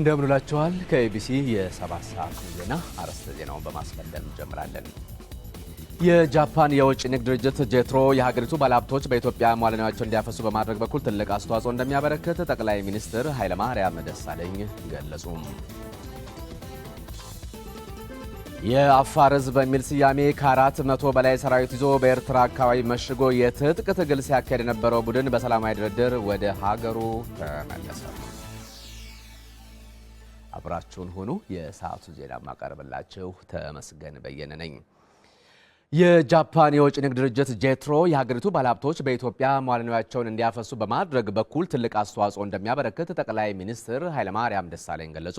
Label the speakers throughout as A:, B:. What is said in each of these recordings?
A: እንደምንላችኋል ከኤቢሲ የሰባት ሰዓት ዜና አርዕስተ ዜናውን በማስቀደም እንጀምራለን። የጃፓን የውጭ ንግድ ድርጅት ጄትሮ የሀገሪቱ ባለሀብቶች በኢትዮጵያ መዋዕለ እንዲያፈሱ በማድረግ በኩል ትልቅ አስተዋጽኦ እንደሚያበረክት ጠቅላይ ሚኒስትር ኃይለማርያም ደሳለኝ ገለጹ። የአፋር ሕዝብ በሚል ስያሜ ከአራት መቶ በላይ ሰራዊት ይዞ በኤርትራ አካባቢ መሽጎ የትጥቅ ትግል ሲያካሄድ የነበረው ቡድን በሰላማዊ ድርድር ወደ ሀገሩ ተመለሰ። አብራችሁን ሆኑ። የሰዓቱ ዜና ማቀርብላችሁ ተመስገን በየነ ነኝ። የጃፓን የውጭ ንግድ ድርጅት ጄትሮ የሀገሪቱ ባለሀብቶች በኢትዮጵያ መዋዕለ ንዋያቸውን እንዲያፈሱ በማድረግ በኩል ትልቅ አስተዋጽኦ እንደሚያበረክት ጠቅላይ ሚኒስትር ኃይለማርያም ደሳለኝ ገለጹ።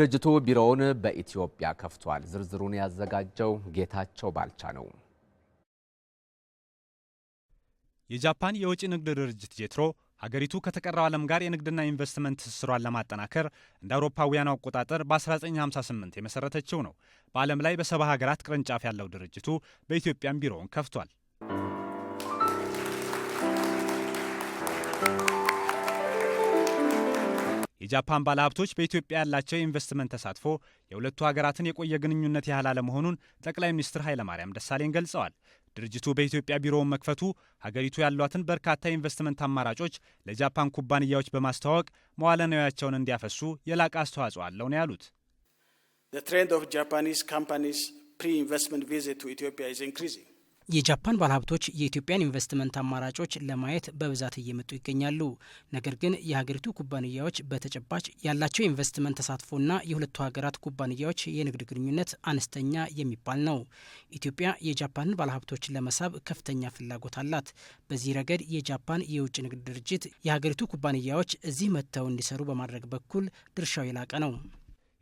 A: ድርጅቱ ቢሮውን በኢትዮጵያ ከፍቷል። ዝርዝሩን ያዘጋጀው ጌታቸው ባልቻ ነው።
B: የጃፓን የውጭ ንግድ ድርጅት ጄትሮ ሀገሪቱ ከተቀረው ዓለም ጋር የንግድና ኢንቨስትመንት ትስስሯን ለማጠናከር እንደ አውሮፓውያኑ አቆጣጠር በ1958 የመሰረተችው ነው። በዓለም ላይ በሰባ ሀገራት ቅርንጫፍ ያለው ድርጅቱ በኢትዮጵያም ቢሮውን ከፍቷል። የጃፓን ባለሀብቶች በኢትዮጵያ ያላቸው የኢንቨስትመንት ተሳትፎ የሁለቱ ሀገራትን የቆየ ግንኙነት ያህል አለመሆኑን ጠቅላይ ሚኒስትር ኃይለማርያም ደሳለኝ ገልጸዋል። ድርጅቱ በኢትዮጵያ ቢሮውን መክፈቱ ሀገሪቱ ያሏትን በርካታ የኢንቨስትመንት አማራጮች ለጃፓን ኩባንያዎች በማስተዋወቅ መዋለ ንዋያቸውን እንዲያፈሱ የላቀ አስተዋጽኦ አለው ነው ያሉት።
C: The ኦፍ ጃፓኒስ ካምፓኒስ ፕሪ ኢንቨስትመንት ቪዚት ቱ ኢትዮጵያ Ethiopia
B: የጃፓን ባለሀብቶች የኢትዮጵያን ኢንቨስትመንት አማራጮች ለማየት በብዛት እየመጡ ይገኛሉ። ነገር ግን የሀገሪቱ ኩባንያዎች በተጨባጭ ያላቸው ኢንቨስትመንት ተሳትፎና የሁለቱ ሀገራት ኩባንያዎች የንግድ ግንኙነት አነስተኛ የሚባል ነው። ኢትዮጵያ የጃፓንን ባለሀብቶች ለመሳብ ከፍተኛ ፍላጎት አላት። በዚህ ረገድ የጃፓን የውጭ ንግድ ድርጅት የሀገሪቱ ኩባንያዎች እዚህ መጥተው እንዲሰሩ በማድረግ በኩል ድርሻው የላቀ ነው።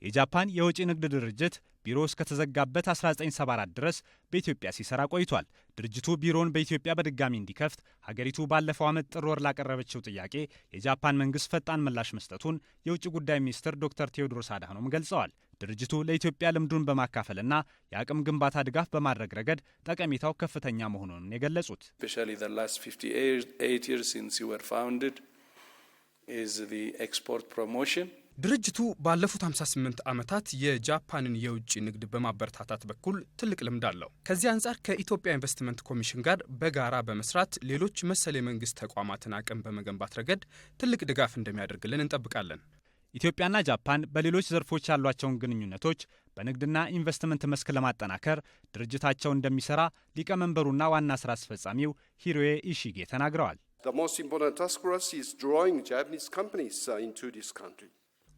B: የጃፓን የውጭ ንግድ ድርጅት ቢሮ እስከተዘጋበት 1974 ድረስ በኢትዮጵያ ሲሰራ ቆይቷል። ድርጅቱ ቢሮውን በኢትዮጵያ በድጋሚ እንዲከፍት ሀገሪቱ ባለፈው ዓመት ጥር ወር ላቀረበችው ጥያቄ የጃፓን መንግስት ፈጣን ምላሽ መስጠቱን የውጭ ጉዳይ ሚኒስትር ዶክተር ቴዎድሮስ አድሃኖም ገልጸዋል። ድርጅቱ ለኢትዮጵያ ልምዱን በማካፈልና የአቅም ግንባታ ድጋፍ በማድረግ ረገድ ጠቀሜታው ከፍተኛ መሆኑን የገለጹት ስፔሻሊ ድርጅቱ ባለፉት 58 ዓመታት የጃፓንን የውጭ ንግድ በማበረታታት በኩል ትልቅ ልምድ አለው። ከዚህ አንጻር ከኢትዮጵያ ኢንቨስትመንት ኮሚሽን ጋር በጋራ በመስራት ሌሎች መሰል የመንግስት ተቋማትን አቅም በመገንባት ረገድ ትልቅ ድጋፍ እንደሚያደርግልን እንጠብቃለን። ኢትዮጵያና ጃፓን በሌሎች ዘርፎች ያሏቸውን ግንኙነቶች በንግድና ኢንቨስትመንት መስክ ለማጠናከር ድርጅታቸው እንደሚሰራ ሊቀመንበሩና ዋና ስራ አስፈጻሚው ሂሮዬ ኢሺጌ ተናግረዋል።
C: The most important task for us is drawing Japanese companies uh, into this country.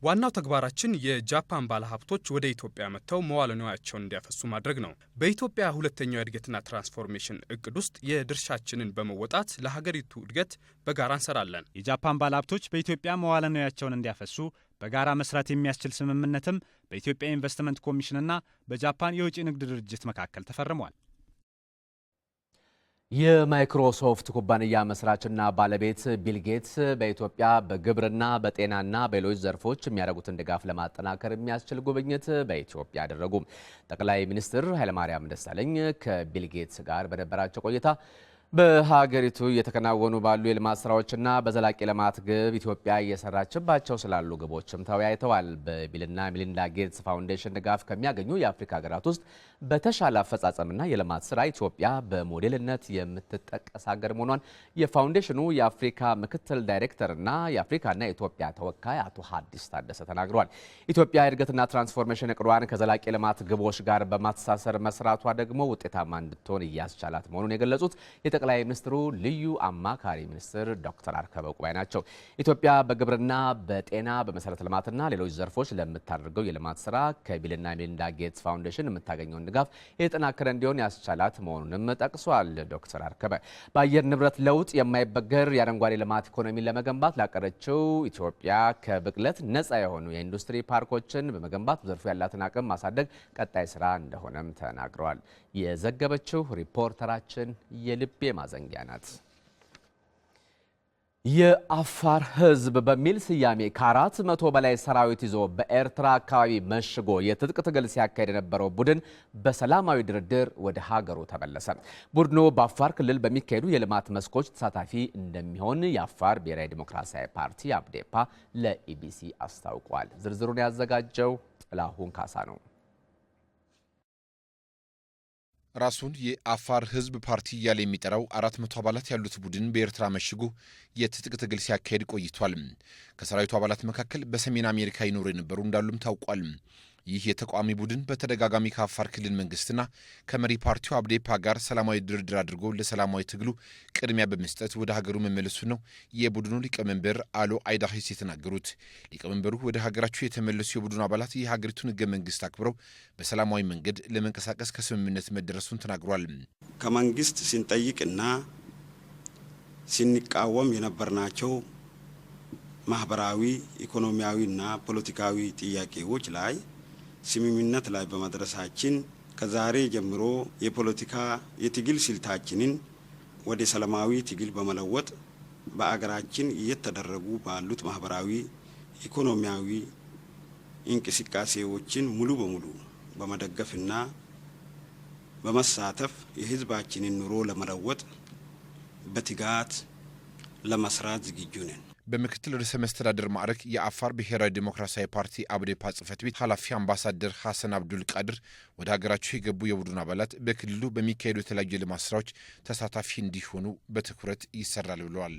B: ዋናው ተግባራችን የጃፓን ባለሀብቶች ወደ ኢትዮጵያ መጥተው መዋለ ንዋያቸውን እንዲያፈሱ ማድረግ ነው። በኢትዮጵያ ሁለተኛው የእድገትና ትራንስፎርሜሽን እቅድ ውስጥ የድርሻችንን በመወጣት ለሀገሪቱ እድገት በጋራ እንሰራለን። የጃፓን ባለሀብቶች በኢትዮጵያ መዋለ ንዋያቸውን እንዲያፈሱ በጋራ መስራት የሚያስችል ስምምነትም በኢትዮጵያ ኢንቨስትመንት ኮሚሽንና በጃፓን የውጭ ንግድ ድርጅት መካከል ተፈርሟል።
A: የማይክሮሶፍት ኩባንያ መስራችና ባለቤት ቢል ጌትስ በኢትዮጵያ በግብርና በጤናና በሌሎች ዘርፎች የሚያደርጉትን ድጋፍ ለማጠናከር የሚያስችል ጉብኝት በኢትዮጵያ አደረጉ። ጠቅላይ ሚኒስትር ኃይለማርያም ደሳለኝ ከቢል ጌትስ ጋር በነበራቸው ቆይታ በሀገሪቱ እየተከናወኑ ባሉ የልማት ስራዎችና በዘላቂ ልማት ግብ ኢትዮጵያ እየሰራችባቸው ስላሉ ግቦችም ተወያይተዋል። በቢልና ሚሊንዳ ጌትስ ፋውንዴሽን ድጋፍ ከሚያገኙ የአፍሪካ ሀገራት ውስጥ በተሻለ አፈጻጸምና የልማት ስራ ኢትዮጵያ በሞዴልነት የምትጠቀስ ሀገር መሆኗን የፋውንዴሽኑ የአፍሪካ ምክትል ዳይሬክተርና የአፍሪካና የኢትዮጵያ ተወካይ አቶ ሀዲስ ታደሰ ተናግረዋል። ኢትዮጵያ የእድገትና ትራንስፎርሜሽን እቅዷን ከዘላቂ ልማት ግቦች ጋር በማተሳሰር መስራቷ ደግሞ ውጤታማ እንድትሆን እያስቻላት መሆኑን የገለጹት የጠቅላይ ሚኒስትሩ ልዩ አማካሪ ሚኒስትር ዶክተር አርከበ ቁባይ ናቸው። ኢትዮጵያ በግብርና፣ በጤና፣ በመሰረተ ልማትና ሌሎች ዘርፎች ለምታደርገው የልማት ስራ ከቢልና ሜሊንዳ ጌትስ ፋውንዴሽን የምታገኘውን ድጋፍ የተጠናከረ እንዲሆን ያስቻላት መሆኑንም ጠቅሷል። ዶክተር አርከበ በአየር ንብረት ለውጥ የማይበገር የአረንጓዴ ልማት ኢኮኖሚን ለመገንባት ላቀረችው ኢትዮጵያ ከብክለት ነጻ የሆኑ የኢንዱስትሪ ፓርኮችን በመገንባት ዘርፉ ያላትን አቅም ማሳደግ ቀጣይ ስራ እንደሆነም ተናግረዋል። የዘገበችው ሪፖርተራችን የልብ ማዘንጊያ ናት። የአፋር ሕዝብ በሚል ስያሜ ከአራት መቶ በላይ ሰራዊት ይዞ በኤርትራ አካባቢ መሽጎ የትጥቅ ትግል ሲያካሄድ የነበረው ቡድን በሰላማዊ ድርድር ወደ ሀገሩ ተመለሰ። ቡድኑ በአፋር ክልል በሚካሄዱ የልማት መስኮች ተሳታፊ እንደሚሆን የአፋር ብሔራዊ ዲሞክራሲያዊ ፓርቲ አብዴፓ ለኢቢሲ አስታውቋል። ዝርዝሩን ያዘጋጀው ጥላሁን ካሳ ነው።
D: ራሱን የአፋር ህዝብ ፓርቲ እያለ የሚጠራው አራት መቶ አባላት ያሉት ቡድን በኤርትራ መሽጎ የትጥቅ ትግል ሲያካሄድ ቆይቷል። ከሰራዊቱ አባላት መካከል በሰሜን አሜሪካ ይኖሩ የነበሩ እንዳሉም ታውቋል። ይህ የተቃዋሚ ቡድን በተደጋጋሚ ከአፋር ክልል መንግስትና ከመሪ ፓርቲው አብዴፓ ጋር ሰላማዊ ድርድር አድርጎ ለሰላማዊ ትግሉ ቅድሚያ በመስጠት ወደ ሀገሩ መመለሱ ነው የቡድኑ ሊቀመንበር አሎ አይዳሂስ የተናገሩት። ሊቀመንበሩ ወደ ሀገራቸው የተመለሱ የቡድኑ አባላት የሀገሪቱን ህገ መንግስት አክብረው በሰላማዊ መንገድ ለመንቀሳቀስ ከስምምነት መደረሱን ተናግሯል።
E: ከመንግስት ስንጠይቅና ስንቃወም የነበርናቸው ማህበራዊ ኢኮኖሚያዊና ፖለቲካዊ ጥያቄዎች ላይ ስምምነት ላይ በመድረሳችን ከዛሬ ጀምሮ የፖለቲካ የትግል ስልታችንን ወደ ሰላማዊ ትግል በመለወጥ በአገራችን እየተደረጉ ባሉት ማህበራዊ፣ ኢኮኖሚያዊ እንቅስቃሴዎችን ሙሉ በሙሉ በመደገፍና በመሳተፍ የህዝባችንን ኑሮ ለመለወጥ በትጋት ለመስራት ዝግጁ ነን።
D: በምክትል ርዕሰ መስተዳድር ማዕረግ የአፋር ብሔራዊ ዴሞክራሲያዊ ፓርቲ አብዴፓ ጽህፈት ቤት ኃላፊ አምባሳደር ሐሰን አብዱል ቃድር ወደ ሀገራቸው የገቡ የቡድን አባላት በክልሉ በሚካሄዱ የተለያዩ የልማት ስራዎች ተሳታፊ እንዲሆኑ በትኩረት ይሰራል ብለዋል።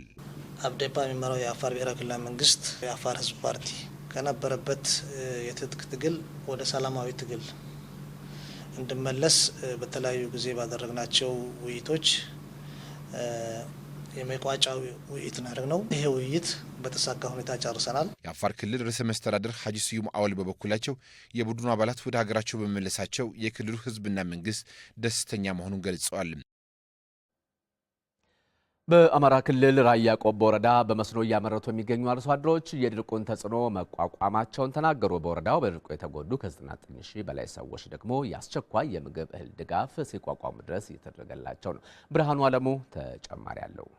F: አብዴፓ የሚመራው የአፋር ብሔራዊ ክልላዊ መንግስት የአፋር ህዝብ ፓርቲ ከነበረበት የትጥቅ ትግል ወደ ሰላማዊ ትግል እንድመለስ በተለያዩ ጊዜ ባደረግናቸው ውይይቶች የመቋጫ ውይይት ናደርግ ነው። ይሄ ውይይት በተሳካ ሁኔታ ጨርሰናል።
D: የአፋር ክልል ርዕሰ መስተዳደር ሀጂ ስዩም አወል በበኩላቸው የቡድኑ አባላት ወደ ሀገራቸው በመመለሳቸው የክልሉ ህዝብና መንግስት ደስተኛ መሆኑን ገልጸዋል።
A: በአማራ ክልል ራያ ቆቦ ወረዳ በመስኖ እያመረቱ የሚገኙ አርሶ አደሮች የድርቁን ተጽዕኖ መቋቋማቸውን ተናገሩ። በወረዳው በድርቁ የተጎዱ ከ99 ሺህ በላይ ሰዎች ደግሞ የአስቸኳይ የምግብ እህል ድጋፍ ሲቋቋሙ ድረስ እየተደረገላቸው ነው። ብርሃኑ አለሙ ተጨማሪ አለው።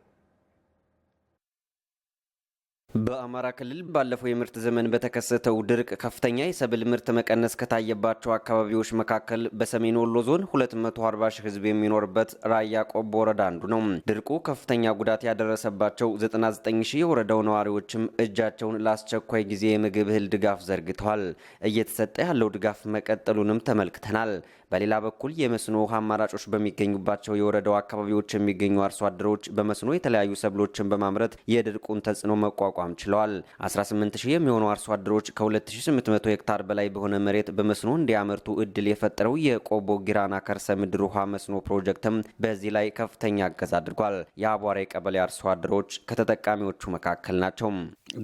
A: በአማራ ክልል ባለፈው የምርት ዘመን በተከሰተው ድርቅ ከፍተኛ የሰብል ምርት መቀነስ ከታየባቸው አካባቢዎች መካከል በሰሜን ወሎ ዞን 240 ሺህ ሕዝብ የሚኖርበት ራያ ቆቦ ወረዳ አንዱ ነው። ድርቁ ከፍተኛ ጉዳት ያደረሰባቸው 99 ሺህ የወረዳው ነዋሪዎችም እጃቸውን ለአስቸኳይ ጊዜ የምግብ እህል ድጋፍ ዘርግተዋል። እየተሰጠ ያለው ድጋፍ መቀጠሉንም ተመልክተናል። በሌላ በኩል የመስኖ ውሃ አማራጮች በሚገኙባቸው የወረዳው አካባቢዎች የሚገኙ አርሶ አደሮች በመስኖ የተለያዩ ሰብሎችን በማምረት የድርቁን ተጽዕኖ መቋቋም ማቋቋም ችለዋል። 18000 የሚሆኑ አርሶ አደሮች ከ2800 ሄክታር በላይ በሆነ መሬት በመስኖ እንዲያመርቱ እድል የፈጠረው የቆቦ ጊራና ከርሰ ምድር ውሃ መስኖ ፕሮጀክትም በዚህ ላይ ከፍተኛ እገዛ አድርጓል። የአቧሬ ቀበሌ አርሶ አደሮች ከተጠቃሚዎቹ መካከል ናቸው።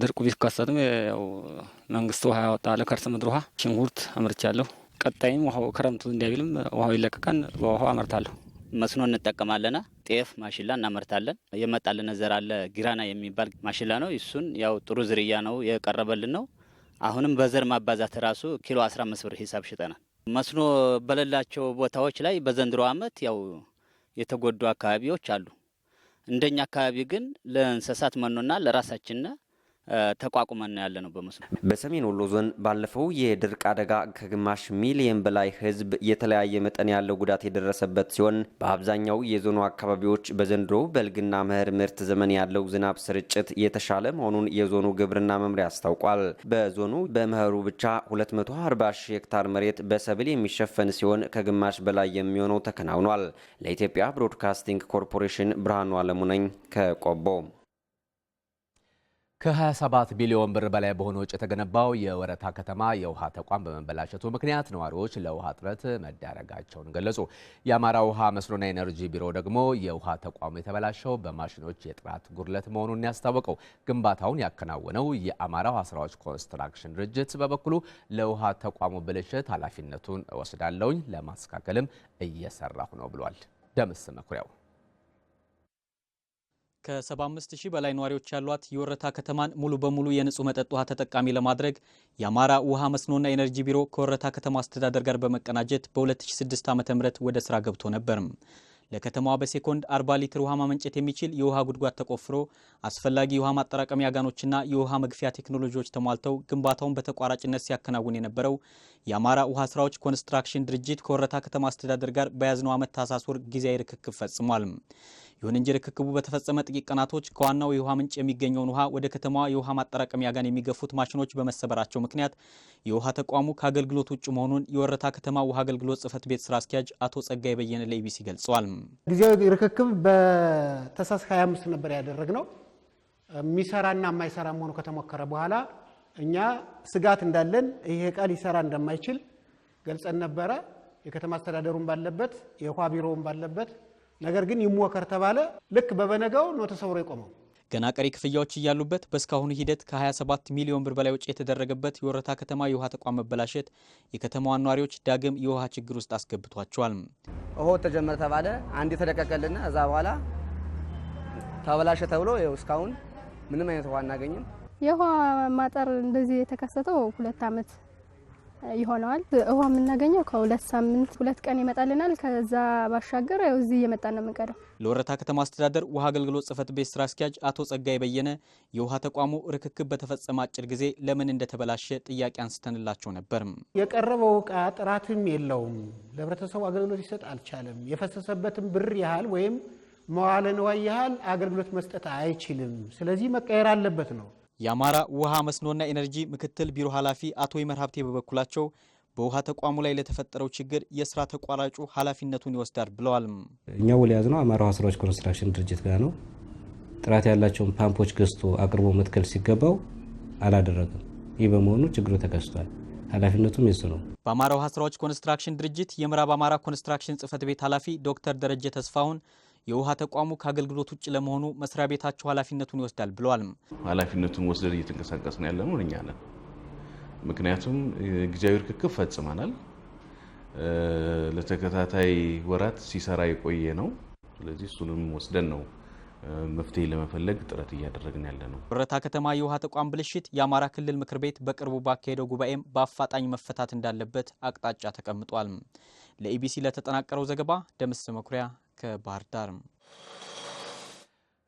G: ድርቁ ቢከሰትም ያው መንግስት ውሃ ያወጣለ ከርሰ ምድር ውሃ ሽንኩርት አምርቻለሁ። ቀጣይም ውሃው ክረምቱ እንዲያቢልም ውሃው ይለቀቀን በውሃው አመርታለሁ።
H: መስኖ እንጠቀማለና ጤፍ፣ ማሽላ እናመርታለን። የመጣልን ዘር አለ ጊራና የሚባል ማሽላ ነው። እሱን ያው ጥሩ ዝርያ ነው የቀረበልን ነው። አሁንም በዘር ማባዛት ራሱ ኪሎ 15 ብር ሂሳብ ሽጠናል። መስኖ በሌላቸው ቦታዎች ላይ በዘንድሮ ዓመት ያው የተጎዱ አካባቢዎች አሉ። እንደኛ አካባቢ ግን ለእንስሳት መኖና ለራሳችንና ተቋቁመን ያለ ነው። በመስኖ
A: በሰሜን ወሎ ዞን ባለፈው የድርቅ አደጋ ከግማሽ ሚሊየን በላይ ሕዝብ የተለያየ መጠን ያለው ጉዳት የደረሰበት ሲሆን በአብዛኛው የዞኑ አካባቢዎች በዘንድሮ በልግና መኸር ምርት ዘመን ያለው ዝናብ ስርጭት የተሻለ መሆኑን የዞኑ ግብርና መምሪያ አስታውቋል። በዞኑ በመኸሩ ብቻ 240 ሺህ ሄክታር መሬት በሰብል የሚሸፈን ሲሆን ከግማሽ በላይ የሚሆነው ተከናውኗል። ለኢትዮጵያ ብሮድካስቲንግ ኮርፖሬሽን ብርሃኑ አለሙ ነኝ ከቆቦ ከ27 ቢሊዮን ብር በላይ በሆነ ወጪ የተገነባው የወረታ ከተማ የውሃ ተቋም በመበላሸቱ ምክንያት ነዋሪዎች ለውሃ እጥረት መዳረጋቸውን ገለጹ። የአማራ ውሃ መስኖና ኤነርጂ ቢሮ ደግሞ የውሃ ተቋሙ የተበላሸው በማሽኖች የጥራት ጉድለት መሆኑን ያስታወቀው፣ ግንባታውን ያከናወነው የአማራ ውሃ ስራዎች ኮንስትራክሽን ድርጅት በበኩሉ ለውሃ ተቋሙ ብልሽት ኃላፊነቱን እወስዳለሁኝ፣ ለማስተካከልም እየሰራሁ ነው ብሏል። ደምስ መኩሪያው
B: ከ75 ሺህ በላይ ነዋሪዎች ያሏት የወረታ ከተማን ሙሉ በሙሉ የንጹህ መጠጥ ውሃ ተጠቃሚ ለማድረግ የአማራ ውሃ መስኖና ኤነርጂ ቢሮ ከወረታ ከተማ አስተዳደር ጋር በመቀናጀት በ2006 ም ወደ ስራ ገብቶ ነበር። ለከተማዋ በሴኮንድ 40 ሊትር ውሃ ማመንጨት የሚችል የውሃ ጉድጓድ ተቆፍሮ አስፈላጊ የውሃ ማጠራቀሚያ ጋኖችና የውሃ መግፊያ ቴክኖሎጂዎች ተሟልተው ግንባታውን በተቋራጭነት ሲያከናውን የነበረው የአማራ ውሃ ስራዎች ኮንስትራክሽን ድርጅት ከወረታ ከተማ አስተዳደር ጋር በያዝነው ዓመት ታሳስ ወር ጊዜያዊ ርክክብ ፈጽሟል። ይሁን እንጂ ርክክቡ በተፈጸመ ጥቂት ቀናቶች ከዋናው የውሃ ምንጭ የሚገኘውን ውሃ ወደ ከተማዋ የውሃ ማጠራቀሚያ ጋን የሚገፉት ማሽኖች በመሰበራቸው ምክንያት የውሃ ተቋሙ ከአገልግሎት ውጭ መሆኑን የወረታ ከተማ ውሃ አገልግሎት ጽሕፈት ቤት ስራ አስኪያጅ አቶ ጸጋይ በየነ ለኢቢሲ ገልጸዋል።
I: ጊዜያዊ ርክክብ በተሳስ 25 ነበር ያደረግነው። የሚሰራና የማይሰራ መሆኑ ከተሞከረ በኋላ እኛ ስጋት እንዳለን ይሄ ቃል ሊሰራ እንደማይችል ገልጸን ነበረ። የከተማ አስተዳደሩን ባለበት የውሃ ቢሮውን ባለበት ነገር ግን ይሞከር ተባለ። ልክ በበነጋው ነው ተሰውሮ የቆመው።
B: ገና ቀሪ ክፍያዎች እያሉበት በእስካሁኑ ሂደት ከ27 ሚሊዮን ብር በላይ ውጭ የተደረገበት የወረታ ከተማ የውሃ ተቋም መበላሸት የከተማዋ ነዋሪዎች ዳግም የውሃ ችግር ውስጥ አስገብቷቸዋል።
J: እሆ ተጀመረ ተባለ፣ አንድ የተደቀቀልና እዛ በኋላ ተበላሸ ተብሎ እስካሁን ምንም አይነት ውሃ አናገኝም።
K: የውሃ ማጠር እንደዚህ የተከሰተው ሁለት ዓመት ይሆነዋል። ውሃ የምናገኘው ከሁለት ሳምንት ሁለት ቀን ይመጣልናል። ከዛ ባሻገር ያው እዚህ እየመጣን ነው የምንቀደው።
B: ለወረታ ከተማ አስተዳደር ውሃ አገልግሎት ጽሕፈት ቤት ስራ አስኪያጅ አቶ ጸጋይ በየነ የውሃ ተቋሙ ርክክብ በተፈጸመ አጭር ጊዜ ለምን እንደተበላሸ ጥያቄ አንስተንላቸው ነበርም።
L: የቀረበው እቃ ጥራትም የለውም፣ ለህብረተሰቡ አገልግሎት ይሰጥ አልቻለም። የፈሰሰበትን ብር ያህል ወይም መዋለ ንዋይ ያህል አገልግሎት መስጠት አይችልም። ስለዚህ መቀየር አለበት ነው
B: የአማራ ውሃ መስኖና ኢነርጂ ምክትል ቢሮ ኃላፊ አቶ ይመር ሀብቴ በበኩላቸው በውሃ ተቋሙ ላይ ለተፈጠረው ችግር የስራ ተቋራጩ ኃላፊነቱን ይወስዳል ብለዋል።
M: እኛ ውል የያዝነው አማራ ውሃ ስራዎች ኮንስትራክሽን ድርጅት ጋር ነው። ጥራት ያላቸውን ፓምፖች ገዝቶ አቅርቦ መትከል ሲገባው አላደረገም። ይህ በመሆኑ ችግሩ ተከስቷል። ኃላፊነቱም የሱ ነው።
B: በአማራ ውሃ ስራዎች ኮንስትራክሽን ድርጅት የምዕራብ አማራ ኮንስትራክሽን ጽህፈት ቤት ኃላፊ ዶክተር ደረጀ ተስፋሁን የውሃ ተቋሙ ከአገልግሎት ውጭ ለመሆኑ መስሪያ ቤታቸው ኃላፊነቱን ይወስዳል ብለዋል።
N: ኃላፊነቱን ወስደን እየተንቀሳቀስ ነው ያለነው እኛ ነን። ምክንያቱም ጊዜያዊ ርክክብ ፈጽመናል። ለተከታታይ ወራት ሲሰራ የቆየ ነው። ስለዚህ እሱንም ወስደን ነው መፍትሄ ለመፈለግ ጥረት እያደረግን ያለ ነው።
B: ብረታ ከተማ የውሃ ተቋም ብልሽት የአማራ ክልል ምክር ቤት በቅርቡ ባካሄደው ጉባኤም በአፋጣኝ መፈታት እንዳለበት አቅጣጫ ተቀምጧል። ለኢቢሲ ለተጠናቀረው ዘገባ ደምስ መኩሪያ ከባህር ዳር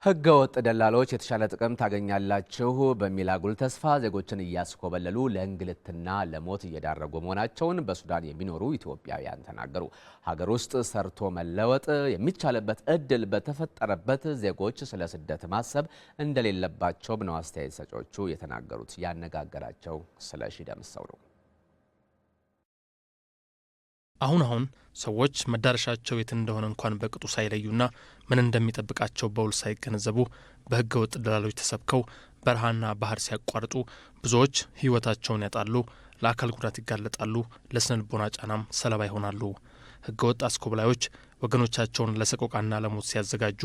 A: ህገ ወጥ ደላሎች የተሻለ ጥቅም ታገኛላችሁ በሚል አጉል ተስፋ ዜጎችን እያስኮበለሉ ለእንግልትና ለሞት እየዳረጉ መሆናቸውን በሱዳን የሚኖሩ ኢትዮጵያውያን ተናገሩ። ሀገር ውስጥ ሰርቶ መለወጥ የሚቻልበት እድል በተፈጠረበት ዜጎች ስለ ስደት ማሰብ እንደሌለባቸውም ነው አስተያየት ሰጪዎቹ የተናገሩት። ያነጋገራቸው ስለሺ ደምሰው ነው።
O: አሁን አሁን ሰዎች መዳረሻቸው የት እንደሆነ እንኳን በቅጡ ሳይለዩና ምን እንደሚጠብቃቸው በውል ሳይገነዘቡ በሕገ ወጥ ደላሎች ተሰብከው በረሃና ባህር ሲያቋርጡ ብዙዎች ሕይወታቸውን ያጣሉ፣ ለአካል ጉዳት ይጋለጣሉ፣ ለስነልቦና ጫናም ሰለባ ይሆናሉ። ሕገ ወጥ አስኮብላዮች ወገኖቻቸውን ለሰቆቃና ለሞት ሲያዘጋጁ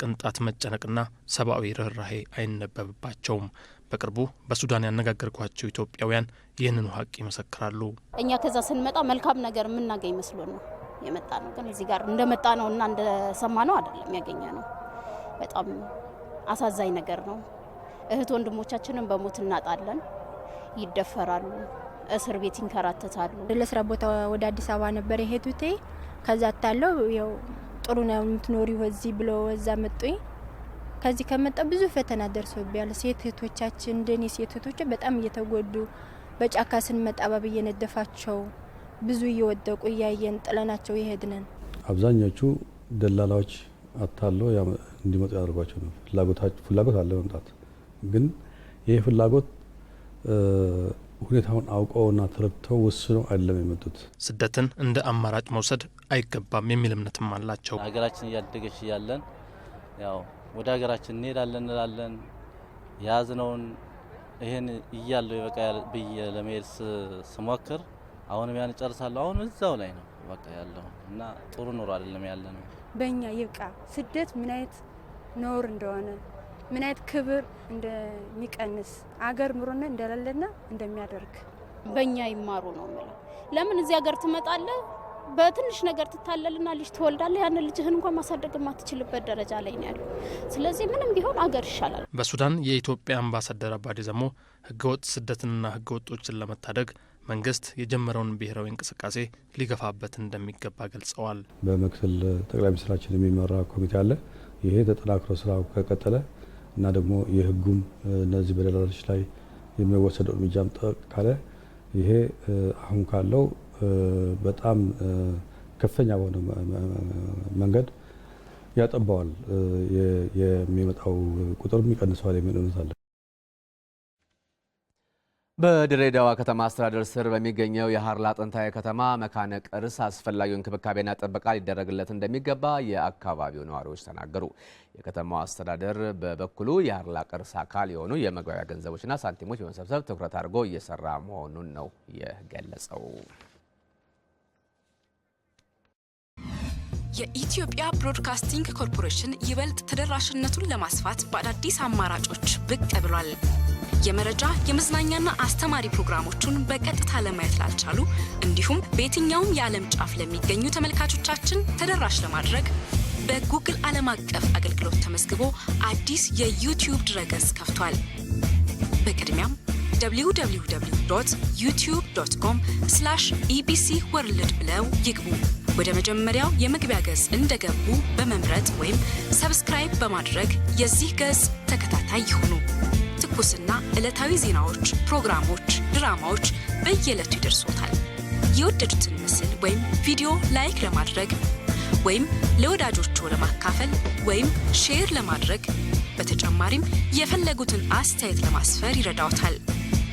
O: ቅንጣት መጨነቅና ሰብአዊ ርኅራሄ አይነበብባቸውም። በቅርቡ በሱዳን ያነጋገርኳቸው ኢትዮጵያውያን ይህንኑ ሀቅ ይመሰክራሉ።
P: እኛ ከዛ ስንመጣ መልካም ነገር የምናገኝ መስሎን ነው የመጣ ነው። ግን እዚህ ጋር እንደመጣ ነው እና እንደሰማ ነው አይደለም ያገኘ ነው። በጣም አሳዛኝ ነገር ነው። እህት ወንድሞቻችንን በሞት እናጣለን። ይደፈራሉ፣ እስር ቤት ይንከራተታሉ።
Q: ለስራ ቦታ ወደ አዲስ አበባ ነበር የሄዱቴ ከዛ ታለው ጥሩ ነው የምትኖሪ ወዚህ ብሎ ወዛ መጡኝ ከዚህ ከመጣ ብዙ ፈተና ደርሶብያል። ሴት እህቶቻችን እንደኔ ሴት እህቶች በጣም እየተጎዱ በጫካ ስንመጣ እባብ እየነደፋቸው ብዙ እየወደቁ እያየን ጥለናቸው የሄድነን።
R: አብዛኞቹ ደላላዎች አታለው እንዲመጡ ያደርጓቸው ነው። ፍላጎት አለ መምጣት፣ ግን ይህ ፍላጎት ሁኔታውን አውቀውና ተረድተው ወስነው አይደለም የመጡት።
O: ስደትን እንደ አማራጭ መውሰድ አይገባም የሚል እምነትም አላቸው።
S: ሀገራችን እያደገች እያለን ያው ወደ ሀገራችን እንሄዳለን እንላለን። የያዝነውን ይህን እያለው የበቃ ብዬ ለመሄድ ስሞክር አሁንም ያን ጨርሳለሁ። አሁን እዛው ላይ ነው በቃ ያለው እና ጥሩ ኑሮ አይደለም ያለ ነው።
Q: በእኛ ይብቃ። ስደት ምን አይነት ኖር እንደሆነ ምን አይነት ክብር እንደሚቀንስ አገር ኑሮና እንደሌለና እንደሚያደርግ
P: በእኛ ይማሩ ነው የምለው። ለምን እዚህ ሀገር ትመጣለህ በትንሽ ነገር ትታለልና ልጅ ትወልዳለ ያንን ልጅህን እንኳን ማሳደግ የማትችልበት ደረጃ ላይ ነው ያሉ። ስለዚህ ምንም ቢሆን አገር ይሻላል።
O: በሱዳን የኢትዮጵያ አምባሳደር አባዴ ዘሞ ህገወጥ ስደትንና ህገወጦችን ለመታደግ መንግስት የጀመረውን ብሔራዊ እንቅስቃሴ ሊገፋበት እንደሚገባ ገልጸዋል።
R: በምክትል ጠቅላይ ሚኒስትራችን የሚመራ ኮሚቴ አለ። ይሄ ተጠናክሮ ስራው ከቀጠለ እና ደግሞ የህጉም እነዚህ በደላሎች ላይ የሚወሰደው እርምጃም ጠቅ ካለ ይሄ አሁን ካለው በጣም ከፍተኛ በሆነ መንገድ ያጠባዋል። የሚመጣው ቁጥር ይቀንሰዋል የሚል እምነት አለ።
A: በድሬዳዋ ከተማ አስተዳደር ስር በሚገኘው የሀርላ ጥንታዊ ከተማ መካነ ቅርስ አስፈላጊውን እንክብካቤና ጥበቃ ሊደረግለት እንደሚገባ የአካባቢው ነዋሪዎች ተናገሩ። የከተማው አስተዳደር በበኩሉ የሀርላ ቅርስ አካል የሆኑ የመግባቢያ ገንዘቦችና ሳንቲሞች በመሰብሰብ ትኩረት አድርጎ እየሰራ መሆኑን ነው የገለጸው።
T: የኢትዮጵያ ብሮድካስቲንግ ኮርፖሬሽን ይበልጥ ተደራሽነቱን ለማስፋት በአዳዲስ አማራጮች ብቅ ብሏል። የመረጃ የመዝናኛና አስተማሪ ፕሮግራሞቹን በቀጥታ ለማየት ላልቻሉ እንዲሁም በየትኛውም የዓለም ጫፍ ለሚገኙ ተመልካቾቻችን ተደራሽ ለማድረግ በጉግል ዓለም አቀፍ አገልግሎት ተመዝግቦ አዲስ የዩቲዩብ ድረገጽ ከፍቷል። በቅድሚያም www ዩቲዩብ ዶት ኮም ኢቢሲ ወርልድ ብለው ይግቡ። ወደ መጀመሪያው የመግቢያ ገጽ እንደገቡ በመምረጥ ወይም ሰብስክራይብ በማድረግ የዚህ ገጽ ተከታታይ ይሁኑ። ትኩስና ዕለታዊ ዜናዎች፣ ፕሮግራሞች፣ ድራማዎች በየዕለቱ ይደርሶታል። የወደዱትን ምስል ወይም ቪዲዮ ላይክ ለማድረግ ወይም ለወዳጆቹ ለማካፈል ወይም ሼር ለማድረግ በተጨማሪም የፈለጉትን አስተያየት ለማስፈር ይረዳውታል።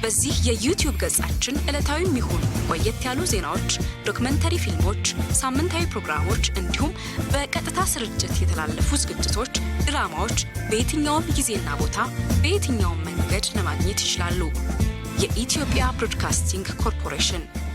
T: በዚህ የዩቲዩብ ገጻችን ዕለታዊ የሚሆኑ ቆየት ያሉ ዜናዎች፣ ዶክመንተሪ ፊልሞች፣ ሳምንታዊ ፕሮግራሞች እንዲሁም በቀጥታ ስርጭት የተላለፉ ዝግጅቶች፣ ድራማዎች በየትኛውም ጊዜና ቦታ በየትኛውም መንገድ ለማግኘት ይችላሉ። የኢትዮጵያ ብሮድካስቲንግ ኮርፖሬሽን